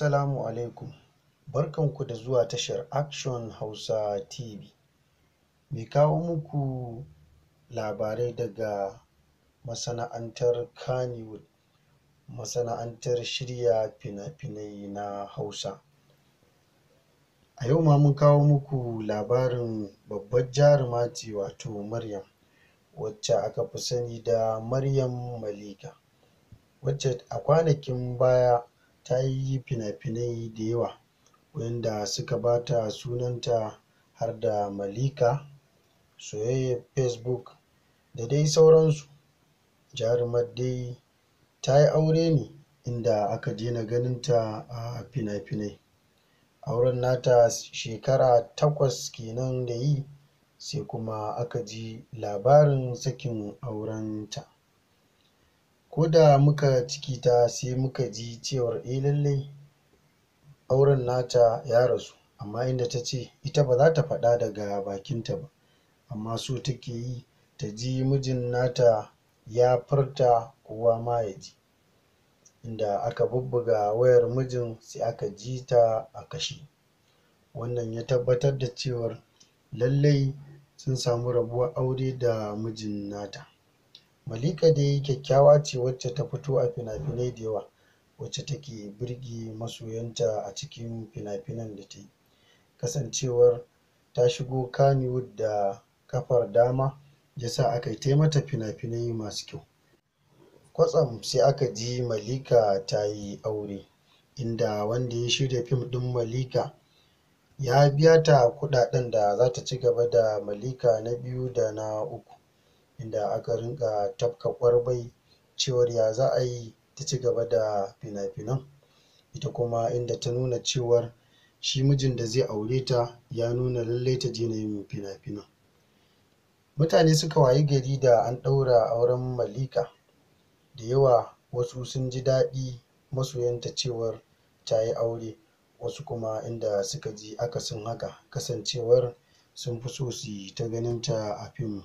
Assalamu alaikum, barkanku da zuwa tashar Action Hausa TV. Mai kawo muku labarai daga masana'antar Kannywood, masana'antar shirya fina-finai na Hausa. A yau ma mun kawo muku labarin babbar jaruma ce wato Maryam, wacce aka fi sani da Maryam Malika, wacce a kwanakin baya ta yi fina-finai da yawa waɗanda suka ba ta sunanta har da Malika, Soyayya Facebook da dai sauransu. Jarumar dai ta yi aure ne inda aka daina ganinta a fina-finai. Auren nata shekara takwas kenan da yi, sai kuma aka ji labarin sakin aurenta. ko da muka ta sai muka ji cewar eh lallai auren nata ya rasu amma inda ta ce ita ba za ta faɗa daga bakinta ba amma so take yi ta ji mijin nata ya furta kowa ma ya ji inda aka bubbuga wayar mijin sai aka ji ta a kashe wannan ya tabbatar da cewar lallai sun samu rabuwar aure da mijin nata Malika dai kyakkyawa ce wacce ta fito a fina-finai da yawa, wacce take birge masoyanta a cikin fina-finan da ta yi. Kasancewar ta shigo Kannywood da kafar dama ya sa aka yi ta yi mata fina-finai masu kyau. Kwatsam sai aka ji Malika ta yi aure, inda wanda ya shirya fim ɗin Malika ya biya ta kuɗaɗen da za ta ci gaba da Malika na biyu da na uku. inda aka rinƙa tafka ƙwarbai cewar ya za a yi ta ci gaba da fina-finan ita kuma inda ta nuna cewar shi mijin da zai aure ta ya nuna lallai ta je ne yin fina-finan mutane suka wayi gari da an ɗaura auren Malika da yawa wasu sun ji daɗi masoyanta cewar ta yi aure wasu kuma inda suka ji akasin haka kasancewar sun fi so su yi ta ganin ta a fim.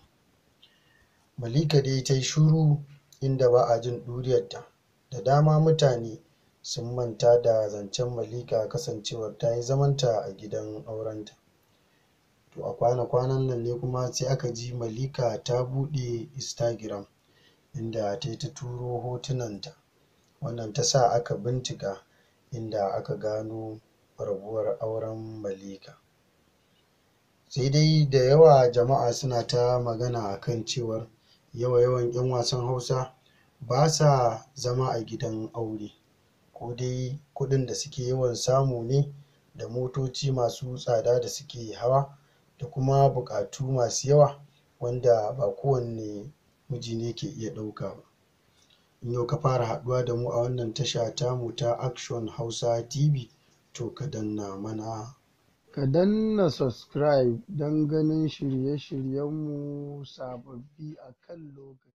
Malika dai ta yi shiru, inda ba a jin ɗuriyarta. Da dama mutane sun manta da zancen Malika kasancewar ta yi zamanta a gidan aurenta. To a kwana-kwanan nan ne kuma sai aka ji Malika ta buɗe Instagram, inda ta yi ta turo hotunanta. Wannan ta sa aka bincika, inda aka gano rabuwar auren Malika. Sai dai da yawa jama'a suna ta magana a kan cewar yawa-yawan 'yan wasan Hausa ba sa zama a gidan aure ko dai kuɗin da suke yawan samu ne da motoci masu tsada da suke hawa da kuma buƙatu masu yawa wanda ba kowanne miji ne ke iya ɗauka ba. In yau ka fara haɗuwa da mu a wannan tasha tamu ta Action Hausa TV to ka danna mana ka danna subscribe don ganin shirye-shiryenmu sababbi a kan lokaci